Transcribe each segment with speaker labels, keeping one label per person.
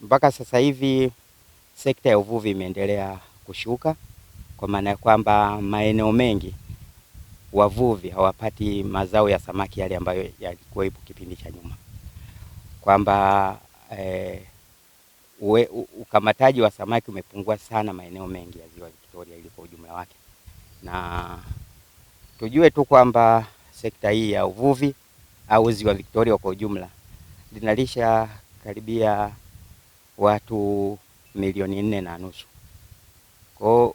Speaker 1: Mpaka sasa hivi sekta ya uvuvi imeendelea kushuka, kwa maana ya kwamba maeneo mengi wavuvi hawapati mazao ya samaki yale ambayo yalikuwepo kipindi cha nyuma, kwamba e, ukamataji wa samaki umepungua sana maeneo mengi ya ziwa Victoria ili kwa ujumla wake, na tujue tu kwamba sekta hii ya uvuvi au ziwa Victoria kwa ujumla linalisha karibia watu milioni nne na nusu. Kwao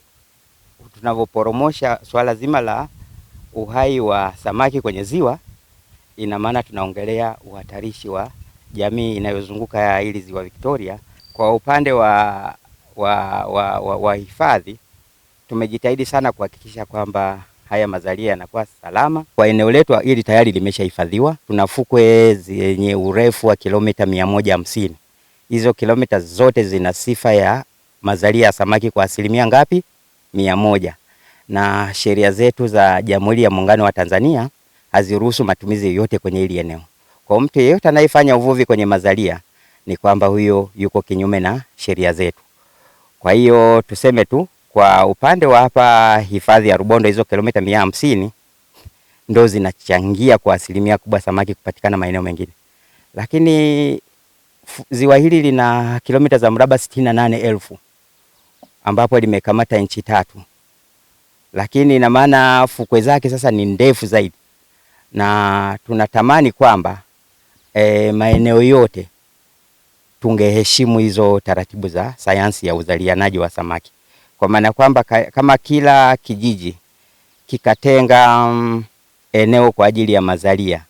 Speaker 1: tunavyoporomosha swala zima la uhai wa samaki kwenye ziwa, ina maana tunaongelea uhatarishi wa jamii inayozunguka hili ziwa Victoria. Kwa upande wa wa, wa, wa, wa hifadhi tumejitahidi sana kuhakikisha kwamba haya mazalia yanakuwa salama kwa eneo letu, ili tayari limeshahifadhiwa. Tuna fukwe zenye urefu wa kilomita mia moja hamsini hizo kilomita zote zina sifa ya mazalia ya samaki kwa asilimia ngapi? Mia moja. Na sheria zetu za Jamhuri ya Muungano wa Tanzania haziruhusu matumizi yoyote kwenye hili eneo. Kwa mtu yeyote anayefanya uvuvi kwenye mazalia ni kwamba huyo yuko kinyume na sheria zetu. Kwa hiyo tuseme tu kwa upande wa hapa hifadhi ya Rubondo, hizo kilomita mia hamsini ndo zinachangia kwa asilimia kubwa samaki kupatikana maeneo mengine, lakini ziwa hili lina kilomita za mraba sitini na nane elfu ambapo limekamata nchi tatu, lakini ina maana fukwe zake sasa ni ndefu zaidi, na tunatamani kwamba e, maeneo yote tungeheshimu hizo taratibu za sayansi ya uzalianaji wa samaki, kwa maana kwamba kama kila kijiji kikatenga um, eneo kwa ajili ya mazalia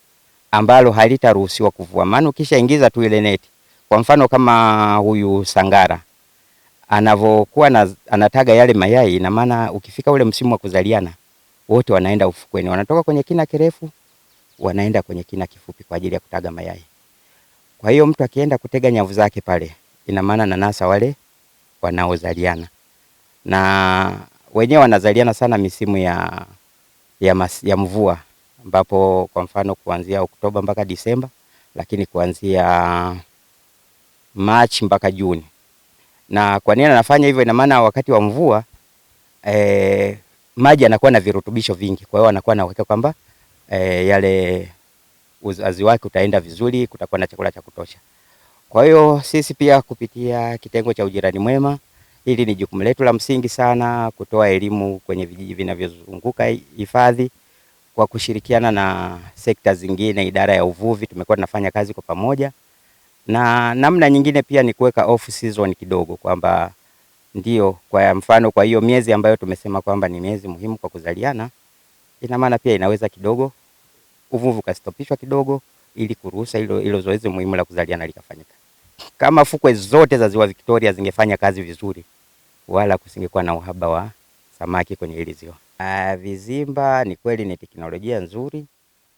Speaker 1: ambalo halitaruhusiwa kuvua, maana ukishaingiza tu ile neti kwa mfano kama huyu sangara anavyokuwa anataga yale mayai, ina maana ukifika ule msimu wa kuzaliana wote wanaenda ufukweni, wanatoka kwenye kina kirefu wanaenda kwenye kina kifupi kwa ajili ya kutaga mayai. Kwa hiyo mtu akienda kutega nyavu zake pale, ina maana nanasa wale wanaozaliana na wenyewe wanazaliana sana misimu ya, ya, mas, ya mvua ambapo kwa mfano kuanzia Oktoba mpaka Disemba, lakini kuanzia Machi mpaka Juni. Na kwa nini anafanya hivyo? Ina maana wakati wa mvua e, maji yanakuwa na virutubisho vingi, kwa hiyo anakuwa na uhakika kwamba e, yale uzazi wake utaenda vizuri, kutakuwa na chakula cha kutosha. Kwa hiyo sisi pia kupitia kitengo cha Ujirani Mwema, hili ni jukumu letu la msingi sana, kutoa elimu kwenye vijiji vinavyozunguka hifadhi kwa kushirikiana na sekta zingine, idara ya uvuvi, tumekuwa tunafanya kazi kwa pamoja na namna nyingine pia ni kuweka off season kidogo, kwamba ndio kwa mfano, kwa hiyo miezi ambayo tumesema kwamba ni miezi muhimu kwa kuzaliana, ina maana pia inaweza kidogo uvuvu ukastopishwa kidogo, ili kuruhusa hilo hilo zoezi muhimu la kuzaliana likafanyika. Kama fukwe zote za ziwa Victoria zingefanya kazi vizuri, wala kusingekuwa na uhaba wa samaki kwenye hili ziwa. Vizimba ni kweli ni teknolojia nzuri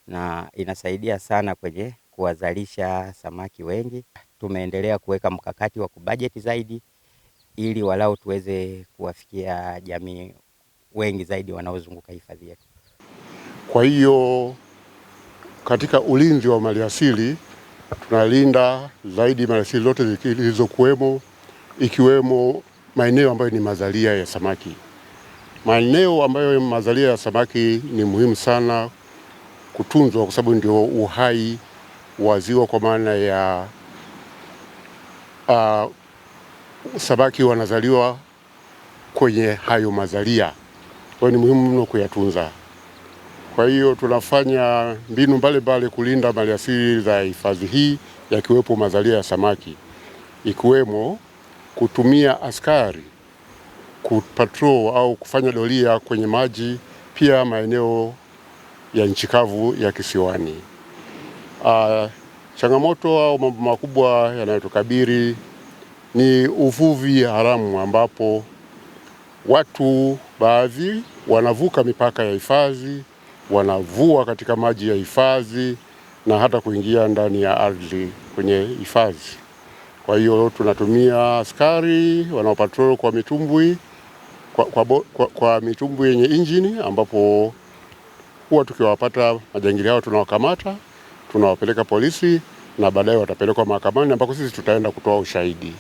Speaker 1: na inasaidia sana kwenye kuwazalisha samaki wengi. Tumeendelea kuweka mkakati wa kubajeti zaidi ili walau tuweze kuwafikia jamii wengi zaidi wanaozunguka hifadhi yetu.
Speaker 2: Kwa hiyo katika ulinzi wa maliasili tunalinda zaidi maliasili zote zilizokuwemo ikiwemo maeneo ambayo ni mazalia ya samaki. Maeneo ambayo mazalia ya samaki ni muhimu sana kutunzwa kwa sababu ndio uhai wa ziwa kwa maana ya uh, samaki wanazaliwa kwenye hayo mazalia, kwa hiyo ni muhimu mno kuyatunza. Kwa hiyo tunafanya mbinu mbalimbali kulinda maliasili za hifadhi hii yakiwepo mazalia ya samaki, ikiwemo kutumia askari kupatrol au kufanya doria kwenye maji, pia maeneo ya nchi kavu ya kisiwani. Uh, changamoto au mambo makubwa yanayotukabiri ni uvuvi haramu ambapo watu baadhi wanavuka mipaka ya hifadhi, wanavua katika maji ya hifadhi na hata kuingia ndani ya ardhi kwenye hifadhi. Kwa hiyo tunatumia askari wanaopatrol kwa mitumbwi kwa, kwa, kwa, kwa mitumbwi yenye injini ambapo huwa tukiwapata majangili hao tunawakamata tunawapeleka polisi na baadaye watapelekwa mahakamani ambako sisi tutaenda kutoa ushahidi.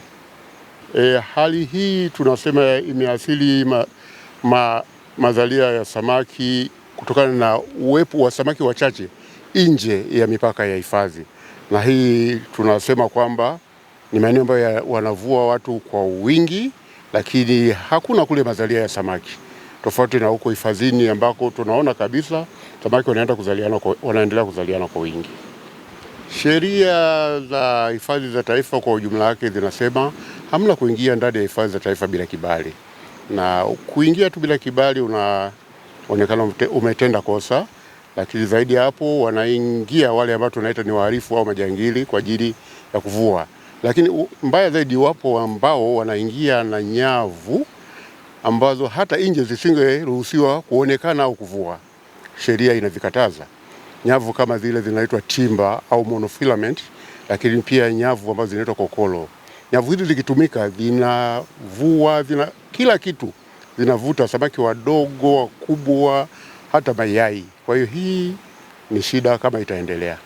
Speaker 2: E, hali hii tunasema imeathiri ma, ma, mazalia ya samaki kutokana na uwepo wa samaki wachache nje ya mipaka ya hifadhi, na hii tunasema kwamba ni maeneo ambayo wanavua watu kwa wingi, lakini hakuna kule mazalia ya samaki tofauti na huko hifadhini ambako tunaona kabisa samaki wanaenda kuzaliana kwa, wanaendelea kuzaliana kwa wingi. Sheria za hifadhi za taifa kwa ujumla wake zinasema hamna kuingia ndani ya hifadhi za taifa bila kibali, na kuingia tu bila kibali unaonekana umetenda kosa, lakini zaidi ya hapo wanaingia wale ambao tunaita ni wahalifu au majangili kwa ajili ya kuvua, lakini mbaya zaidi wapo ambao wanaingia na nyavu ambazo hata nje zisingeruhusiwa kuonekana au kuvua. Sheria inavikataza. Nyavu kama zile zinaitwa timba au monofilament, lakini pia nyavu ambazo zinaitwa kokolo. Nyavu hizi zikitumika zinavua, zina kila kitu, zinavuta samaki wadogo, wakubwa, hata mayai. Kwa hiyo hii ni shida kama itaendelea.